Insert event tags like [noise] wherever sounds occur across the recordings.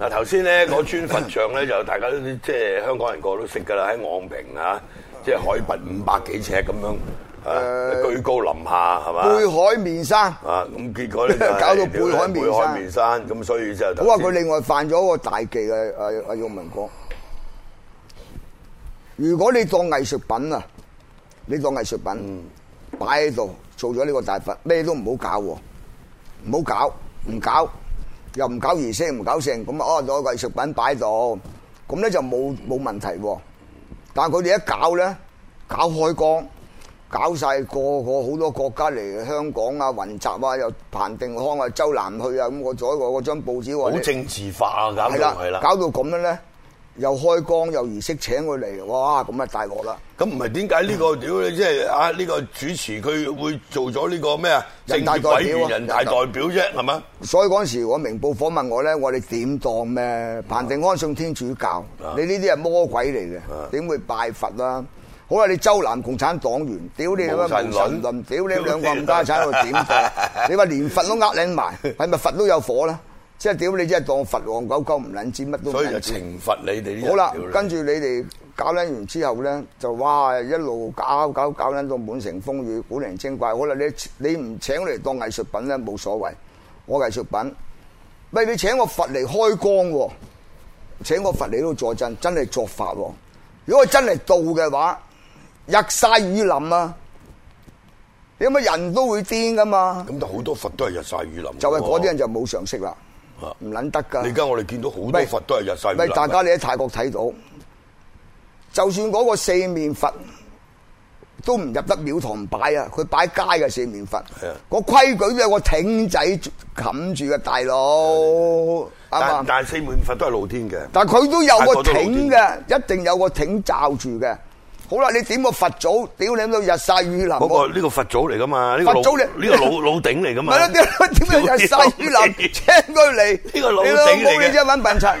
嗱，頭先咧嗰尊佛像咧，就 [laughs] 大家都即係香港人個個都識噶啦，喺昂坪啊， [laughs] 即係海拔五百幾尺咁樣，誒，居高臨下係嘛？背、呃、吧海面山啊，咁結果、就係、搞到背海面山，海面山咁，所以就，係好啊！佢另外犯咗一個大忌嘅阿誒用民國。如果你當藝術品啊，你當藝術品擺喺度，做咗呢個大佛，咩都唔好搞喎，唔好搞，唔搞。又唔搞儀式唔搞成咁啊！攞、哦、藝術品擺度，咁咧就冇冇問題喎。但係佢哋一搞咧，搞開光，搞晒個個好多國家嚟香港啊，雲集啊，又彭定康啊、周南去啊，咁我做一個嗰張報紙話好政治化啊！了搞到係啦，搞到咁樣咧。又開光又儀式請佢嚟，哇！咁咪大鑊啦。咁唔係點解呢個屌你？即係啊呢個主持佢會做咗呢個咩啊？人大代表啊？人大代表啫，係嗎？所以嗰陣時，我明報訪問我咧，我哋點當咩？彭定安信天主教，你呢啲係魔鬼嚟嘅，點會拜佛啦？好啦，你周南共產黨員，屌你乜無神論？屌你兩個冚家產喺度點？你話連佛都呃領埋，係咪佛都有火咧？即係點？你即係當佛王九九唔撚知乜都唔識，所以就懲罰你哋。好啦，跟住你哋搞捻完之後咧，就哇一路搞搞搞捻到滿城風雨，古靈精怪。好啦，你你唔請我嚟當藝術品咧，冇所謂。我藝術品，咪你請我佛嚟開光喎，請我佛嚟度坐陣，真係作法喎。如果真係到嘅話，日曬雨淋啊！因為人都會癲噶嘛。咁就好多佛都係日曬雨淋，就係嗰啲人就冇常識啦。唔捻得噶！而家我哋見到好多佛都係日曬廟。大家你喺泰國睇到，就算嗰個四面佛都唔入得廟堂擺啊！佢擺街嘅四面佛，個規矩都有個艇仔冚住嘅，大佬啱嘛？但係四面佛都係露天嘅，但係佢都有個頂嘅，一定有個頂罩住嘅。好啦，你點個佛祖，屌你咁到日曬雨淋！我呢、那個佛祖嚟噶嘛？呢個佛祖嚟，呢個老老頂嚟噶嘛？係啦 [laughs] 點樣日曬雨淋？請佢嚟？呢個老頂嚟？冇嘢啫，揾笨柒。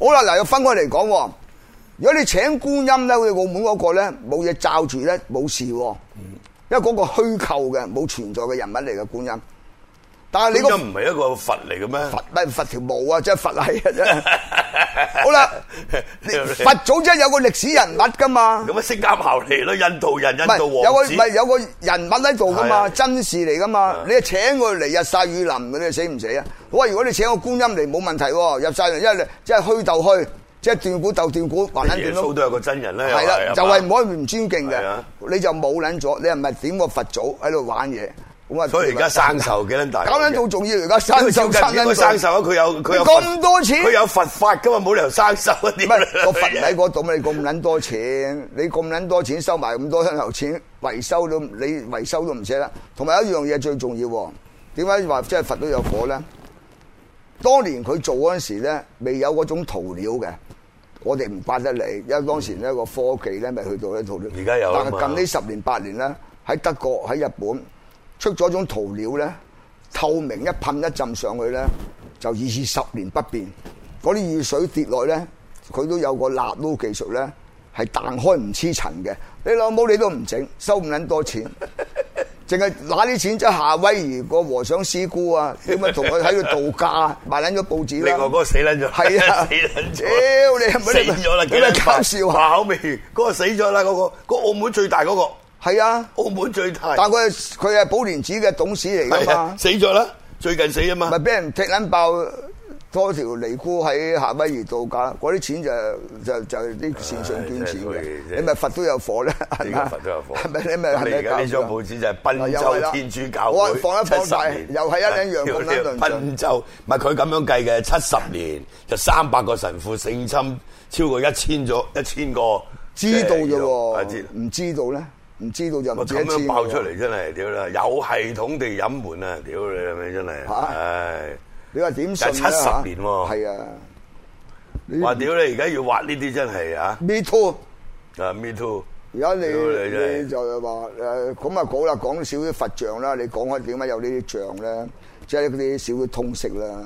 好啦，嗱，又分開嚟講。如果你請觀音咧，好似澳門嗰、那個咧，冇嘢罩住咧，冇事。嗯、因為嗰個虛構嘅，冇存在嘅人物嚟嘅觀音。但係你個唔係一個佛嚟嘅咩？佛乜佛條毛啊？即係佛係啊？啫。 [laughs] 好啦，佛祖真係有個歷史人物噶嘛？有乜釋迦牟尼咯，印度人、印度王子，咪有個人物喺度噶嘛？真事嚟噶嘛？你請我嚟日晒雨淋，你死唔死啊？好啊，如果你請個觀音嚟，冇問題。日晒雨淋，因為你即係虛鬥虛，即係斷估鬥斷估，還捻斷咯。耶穌都有個真人咧，係啦，就係、是、唔可以唔尊敬嘅的。你就冇捻咗，你係咪點個佛祖喺度玩嘢？所以而家生銹幾捻大？搞捻仲重要而家生銹，生人生銹啊！佢有佢有咁多錢，佢有佛法噶嘛？冇理由生銹啊！點解？個佛喺個度咪？咁捻多錢？你咁捻多錢收埋咁多生銹錢，維修都你維修都唔捨啦。同埋一樣嘢最重要，點解話即係佛都有火咧？當年佢做嗰陣時咧，未有嗰種塗料嘅，我哋唔發得嚟。因為當時咧個科技咧咪去到呢塗料，而家有。但係近呢十年八年咧，喺德國喺日本。出咗種塗料咧，透明一噴一浸上去咧，就疑似十年不變。嗰啲雨水跌落咧，佢都有個納濾技術咧，係彈開唔黐塵嘅。你老母你都唔整，收唔撚多錢，淨係拿啲錢即夏威夷個和尚師姑啊，你咪同佢喺度度假賣撚咗報紙啦。你個個死撚了咗，係啊你，死撚咗，死咗啦，今日搞笑下口味，嗰、那個死咗啦，嗰、那個那個，嗰、那個那個那個、澳門最大嗰、那個。那個那個係啊，澳門最大。但佢佢係寶蓮寺嘅董事嚟噶嘛？死咗啦，最近死啊嘛。咪俾人踢卵爆，多條尼姑喺夏威夷度假。嗰啲錢就就就啲善信捐錢嘅。哎、你咪佛都有火咧，係咪？佛都有火，係咪 [laughs] 是？你咪係咪搞？你張報紙就係賓州天主教會七十是年，又係一兩樣咁樣。賓州咪佢咁樣計嘅七十年，就三百個神父性侵超過一千咗一千個，呃、知道啫喎？唔知道咧？唔知道就唔寫字喎！咁樣爆出嚟真係，屌啦！有系統地隱瞞啊，屌你係咪真係？係你話點信啊？七十年喎，係啊！哇，屌你而家要畫呢啲真係啊！Me too，啊，Me too。而家你你就係話誒，咁啊講啦，講少啲佛像啦，你講開點解有呢啲像咧？即係嗰啲少啲通識啦。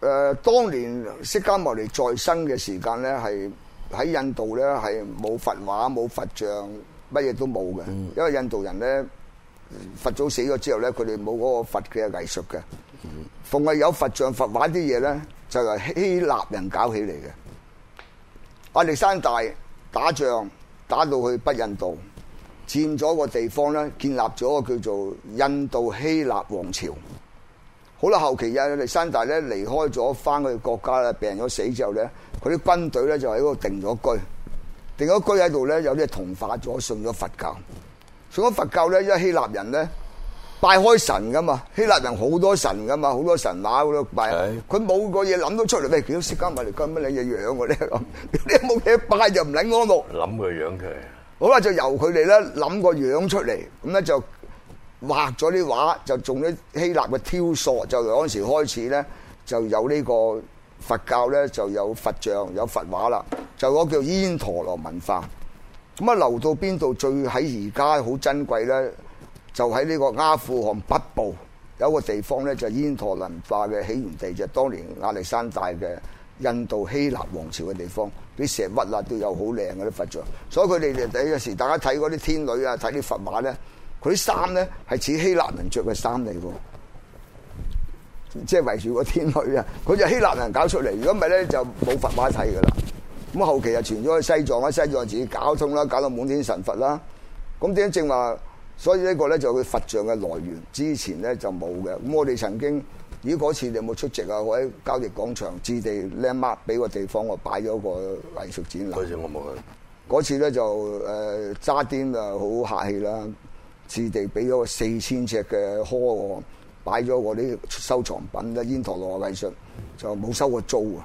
誒，當年釋迦牟尼再生嘅時間咧係。喺印度咧係冇佛畫冇佛像，乜嘢都冇嘅。因為印度人咧，佛祖死咗之後咧，佢哋冇嗰個佛嘅藝術嘅。逢係有佛像佛畫啲嘢咧，就係希臘人搞起嚟嘅。亞歷山大打仗打到去北印度，佔咗個地方咧，建立咗個叫做印度希臘王朝。好啦，後期啊，歷山大咧離開咗，翻佢國家啦，病咗死之後咧，佢啲軍隊咧就喺嗰度定咗居，定咗居喺度咧，有啲同化咗，信咗佛教。信咗佛教咧，因為希臘人咧拜開神噶嘛，希臘人好多神噶嘛，好多神嘛佢都拜。佢冇個嘢諗到出嚟，你點識加埋嚟咁乜嘢樣嘅咧？咁你冇嘢拜就唔領安樂。諗個樣佢。好啦，就由佢哋咧諗個樣出嚟，咁咧就。畫咗啲畫就種咗希臘嘅雕塑，就嗰陣時開始咧就有呢個佛教咧就有佛像有佛畫啦，就嗰叫犍陀羅文化。咁啊留到邊度最喺而家好珍貴咧？就喺呢個阿富汗北部有一個地方咧，就係犍陀文化嘅起源地，就係當年亞歷山大嘅印度希臘王朝嘅地方，啲石窟啊都有好靚嗰啲佛像，所以佢哋第一時大家睇嗰啲天女啊，睇啲佛畫咧。佢啲衫咧係似希臘人着嘅衫嚟㗎，即係圍住個天去啊！佢就希臘人搞出嚟，如果唔係咧就冇佛畫睇㗎啦。咁後期就傳咗去西藏，喺西藏自己搞通啦，搞到滿天神佛啦。咁點正話，所以呢個咧就佢佛像嘅來源之前咧就冇嘅。咁我哋曾經，咦，嗰次你有冇出席啊？我喺交易廣場置地，Landmark 俾個地方我擺咗個藝術展。嗰次我冇去。嗰次咧就誒揸啲啊，好、呃、客氣啦～、嗯置地俾咗四千呎嘅殼，擺咗我啲收藏品咧，煙陀羅嘅藝術就冇收過租啊！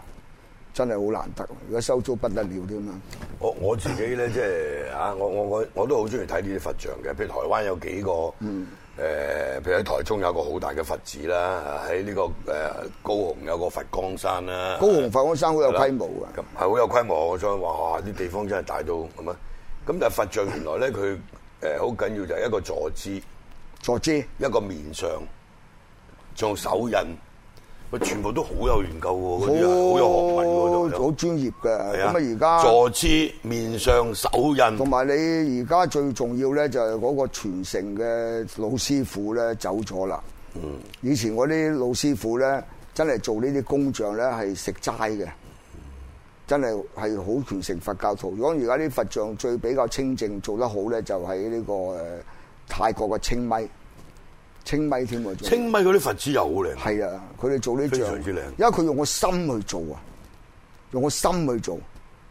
真係好難得，如果收租不得了添啊！我我自己咧，即係嚇，我我我我都好中意睇呢啲佛像嘅，譬如台灣有幾個，誒、嗯，譬如喺台中有個好大嘅佛寺啦，喺呢個誒高雄有個佛光山啦，高雄佛光山好有規模㗎，係好有規模，所以哇，啲地方真係大到咁啊！咁但係佛像原來咧佢。誒，好緊要就係一個坐姿，坐姿一個面上，做手印，佢全部都好有研究喎，好有學問喎，好專業嘅。咁啊，而家坐姿、面上、手印，同埋你而家最重要咧，就係嗰個傳承嘅老師傅咧走咗啦。嗯，以前我啲老師傅咧，真係做呢啲工匠咧係食齋嘅。真係係好虔誠佛教徒。如果而家啲佛像最比較清淨做得好咧，就喺呢個誒泰國嘅清邁清邁添啊！清邁嗰啲佛像又好靚。係啊，佢哋做呢啲非常之靚。因為佢用個心去做啊，用個心去做。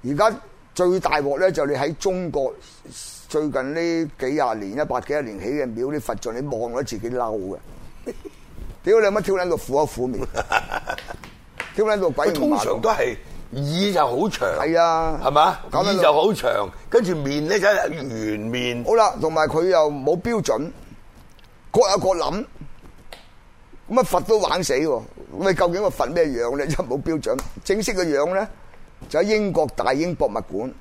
而家最大鑊咧，就你喺中國最近呢幾廿年一百幾廿年起嘅廟啲佛像，你望咗自己嬲嘅。屌 [laughs] 你有乜挑捻到苦口苦面，挑捻到鬼唔麻。 [laughs] 通常都係。耳就好長，係啊，係嘛，耳就好長，跟住面咧就係圓面。 [noise] 好啦，同埋佢又冇標準，各有各諗，咁啊佛都玩死喎！喂，究竟個佛咩樣咧？真係冇標準。正式嘅樣咧，就喺英國大英博物館，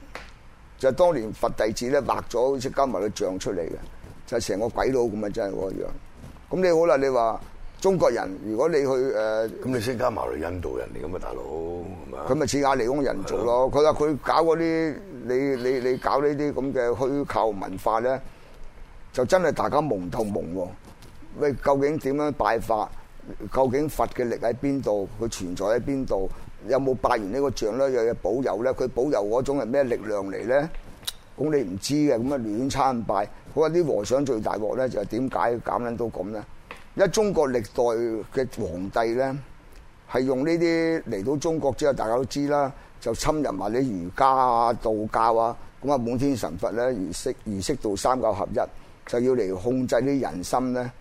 就當年佛弟子咧畫咗，好似加埋個像出嚟嘅，就係成個鬼佬咁啊！真係個樣。咁你好啦，你話。中國人，如果你去誒，咁、呃、你先加埋去印度人嚟咁啊，大佬，係嘛？佢咪似亞利安人做咯？佢話佢搞嗰啲，你你你搞呢啲咁嘅虛構文化咧，就真係大家蒙透蒙喎。喂，究竟點樣拜法？究竟佛嘅力喺邊度？佢存在喺邊度？有冇拜完呢個像咧？又有保佑咧？佢保佑嗰種係咩力量嚟咧？咁你唔知嘅，咁啊亂參拜。佢話啲和尚最大鑊咧，就係點解搞緊都咁咧？因為中國歷代嘅皇帝咧，係用呢啲嚟到中國之後，大家都知啦，就侵入埋啲儒家啊、道教啊，咁啊滿天神佛咧，儀式儀式到三教合一，就要嚟控制啲人心咧，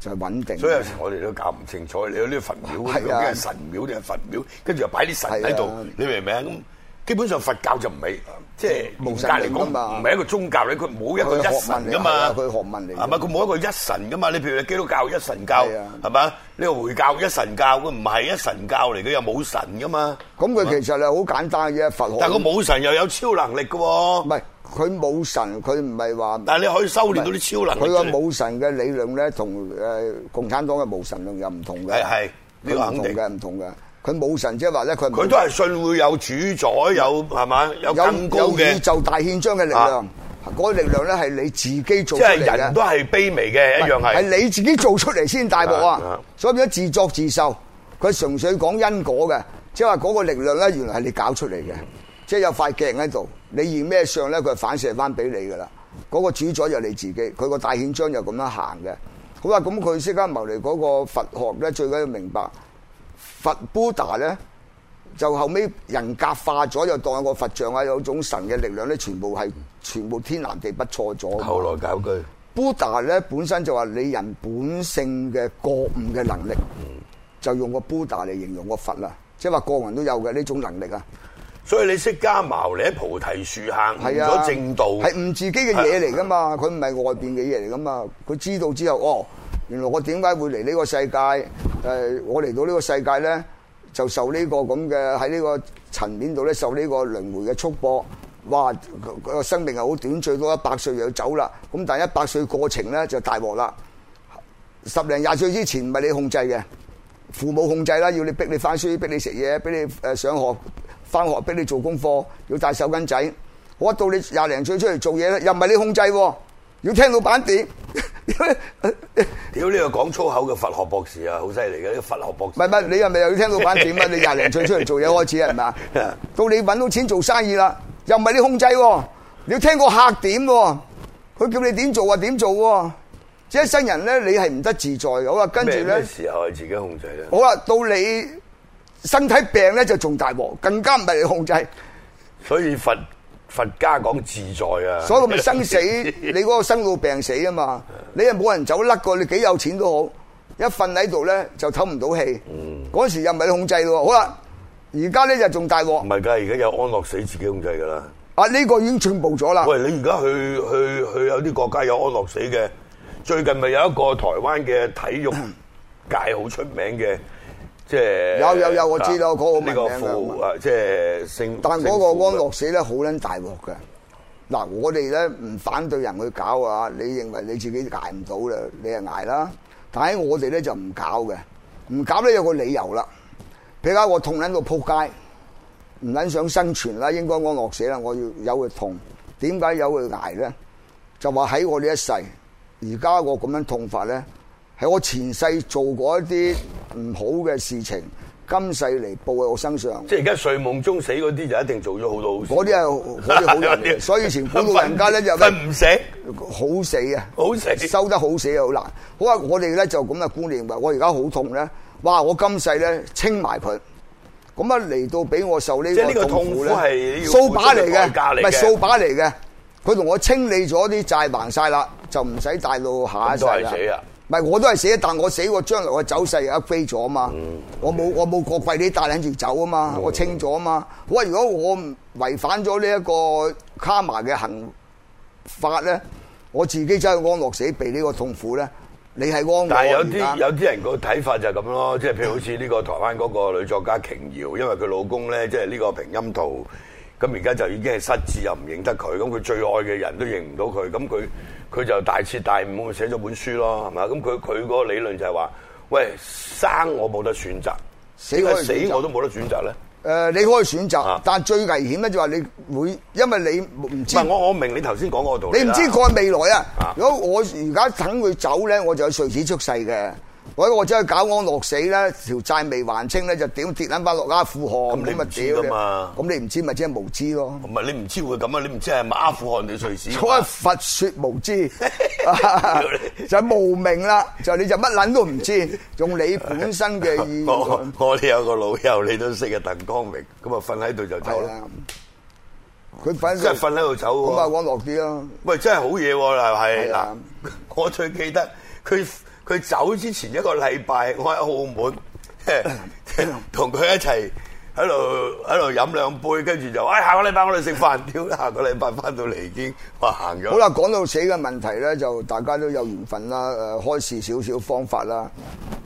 就係、穩定。所以有時我哋都搞唔清楚，你有啲佛廟究竟係神廟定係佛廟？跟住又擺啲神喺度，你、啊、你明唔明？咁基本上佛教就唔係。即係宗教嚟講，唔係一個宗教咧，佢冇一個一神噶嘛。佢學問嚟。係咪佢冇一個一神噶嘛？你譬如你基督教一神教，係咪？你回教一神教，佢唔係一神教嚟，佢又冇神噶嘛。咁佢其實係好簡單嘅嘢。佛。但係佢冇神又有超能力噶喎。唔係，佢冇神，佢唔係話。但係你可以修練到啲超能力。佢個冇神嘅理論咧，同誒共產黨嘅無神論又唔同嘅。係係。呢個肯定嘅，唔同嘅。佢冇神，即係話咧，佢佢都係信會有主宰，有係嘛，有有宇宙大憲章嘅力量，嗰、啊、個力量咧係你自己做出嚟 [laughs] 即係人都係卑微嘅，一樣係係你自己做出嚟先大鑊啊！所以變咗自作自受。佢純粹講因果嘅，即係話嗰個力量咧，原來係你搞出嚟嘅。嗯、即係有塊鏡喺度，你以咩相咧，佢反射翻俾你噶啦。嗰、那個主宰就你自己，佢個大憲章就咁樣行嘅。好啦，咁佢釋迦牟尼嗰個佛學咧，最緊要明白。佛 Buddha 咧就後尾人格化咗，又當個佛像啊，有種神嘅力量咧，全部係全部天南地北錯咗。後來搞句 Buddha 咧本身就話你人本性嘅覺悟嘅能力，就用個 Buddha 嚟形容個佛啦，即係話個人都有嘅呢種能力啊。所以你釋迦牟尼喺菩提樹下啊，悟咗正道，係唔自己嘅嘢嚟噶嘛？佢唔係外邊嘅嘢嚟噶嘛？佢知道之後，哦，原來我點解會嚟呢個世界？誒、呃，我嚟到呢個世界咧，就受呢個咁嘅喺呢個層面度咧，受呢個輪迴嘅束縛。哇，個生命係好短，最多一百歲又要走啦。咁但係一百歲過程咧就大鑊啦。十零廿歲之前唔係你控制嘅，父母控制啦，要你逼你翻書，逼你食嘢，俾你誒上學、翻學，逼你做功課，要帶手巾仔。我一到你廿零歲出嚟做嘢咧，又唔係你控制喎，要聽老闆點。 [laughs] 屌，呢個講粗口嘅佛學博士啊，好犀利嘅呢個佛學博士。係咪你又咪又要聽老闆點啊？你廿零 [laughs] 歲出嚟做嘢開始係嘛？是是 [laughs] 到你搵到錢做生意啦，又唔係你控制，你要聽個客點喎？佢叫你點做啊？點做？即係新人咧，你係唔得自在嘅。好啦，跟住咧咩時候係自己控制咧？好啦，到你身體病咧就仲大鑊，更加唔係你控制。所以佛。佛家講自在啊，所以咪生死 [laughs] 你嗰個生老病死啊嘛， [laughs] 你又冇人走甩過，你幾有錢都好，一瞓喺度咧就唞唔到氣，嗰、嗯、時又唔係你控制喎。好啦，而家咧就仲大鑊，唔係噶，而家有安樂死自己控制噶啦。啊，呢、這個已經進步咗啦。喂，你而家去去去有啲國家有安樂死嘅，最近咪有一個台灣嘅體育界好出名嘅。 [laughs] 即係有有有，我知道嗰、啊、個名㗎即係勝。但係嗰個安樂死咧，好撚大鑊㗎。嗱，我哋咧唔反對人去搞啊！啊你認為你自己捱唔到啦，你係捱啦。但係我哋咧就唔搞嘅，唔搞咧有個理由啦。比如我痛撚到撲街，唔撚想生存啦，應該安樂死啦。我要有佢痛，點解有佢捱咧？就話喺我呢一世，而家我咁樣痛法咧。我前世做過一啲唔好嘅事情，今世嚟報喺我身上。即係而家睡夢中死嗰啲，就一定做咗好多好。嗰啲啊，嗰啲好多， [laughs] 所以以前古老人家咧就咁、是、唔死，好死啊，好死，好死收得好死又好難。好話我哋咧就咁嘅觀念，話我而家好痛咧，哇！我今世咧清埋佢，咁啊嚟到俾我受呢個痛苦咧，掃把嚟嘅，唔係掃把嚟嘅，佢同我清理咗啲債還晒啦，就唔使帶到下一世啦。都係死啊！唔係我都係死，但我死將、嗯、我將沒來我走勢 upgrade 咗啊嘛！我冇我冇過季啲帶跟住走啊嘛！嗯、我清咗啊嘛！我話、嗯、如果我違反咗呢一個卡麻嘅行法咧，我自己走去安樂死避呢個痛苦咧，你係安樂？但係有啲有啲人個睇法就係咁咯，即係譬如好似呢個台灣嗰個女作家瓊瑤，因為佢老公咧即係呢個平鑫濤。咁而家就已經係失智又唔認得佢，咁佢最愛嘅人都認唔到佢，咁佢佢就大徹大悟，寫咗本書咯，係嘛？咁佢佢嗰個理論就係話，喂，生我冇得選擇，死，選擇死我死我都冇得選擇咧。誒、呃，你可以選擇，啊、但最危險咧就話你會，因為你唔知。唔係我我明你頭先講嗰度，你唔知個未來啊！如果我而家等佢走咧，我就有瑞士出世嘅。我我真係搞安樂死咧，條債未還清咧，就點跌捻翻落阿富汗咁啊！屌，咁你知㗎嘛？咁你唔知咪即係無知咯？唔係你唔知會咁啊？你唔知係咪阿富汗定瑞士？所謂佛說無知，就係無明啦。就你就乜捻都唔知，用你本身嘅意我哋有個老友，你都識嘅鄧光榮，咁啊瞓喺度就走啦。佢瞓即係瞓喺度走，咁啊安樂啲咯。喂，真係好嘢喎！又係嗱，我最記得佢。佢走之前一個禮拜，我喺澳門同佢一齊喺度喺度飲兩杯，跟住就，哎下個禮拜我哋食飯屌啦，下個禮拜翻到嚟已經話行咗。好啦，講到死嘅問題咧，就大家都有緣分啦，開示少少方法啦。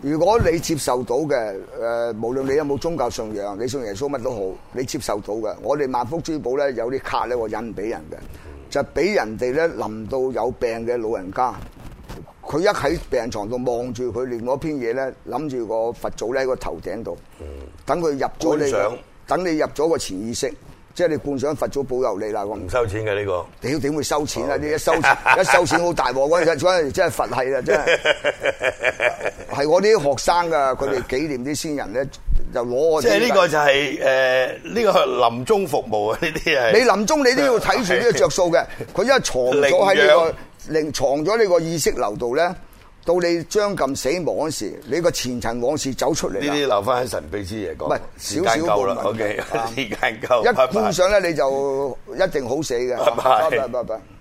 如果你接受到嘅，誒，無論你有冇宗教信仰，你信耶穌乜都好，你接受到嘅，我哋萬福珠寶咧有啲卡咧我印俾人嘅，就俾人哋咧臨到有病嘅老人家。佢一喺病床度望住佢，念嗰篇嘢咧，諗住個佛祖咧喺個頭頂度，等佢入咗你，等本想 你入咗個潛意識，即係你灌上佛祖保佑你啦。我唔收錢嘅呢、這個，屌點會收錢啊？哦、你一收錢 [laughs] 一收錢好大鑊，嗰陣真係佛系啦，真係，係我啲學生噶，佢哋紀念啲先人咧，就攞我。即係呢個就係、是、誒、呢、呃這個臨終服務啊，呢啲係你臨終你都要睇住呢個着數嘅，佢的一藏咗喺呢個。寧養 這個另藏咗你個意識流度咧，到你將近死亡嗰時，你個前塵往事走出嚟。呢啲留返喺神秘之夜講。唔係是，少少夠啦。O K，時間夠。一觀賞咧，拜拜你就一定好死嘅。拜拜，拜拜，拜拜。拜拜。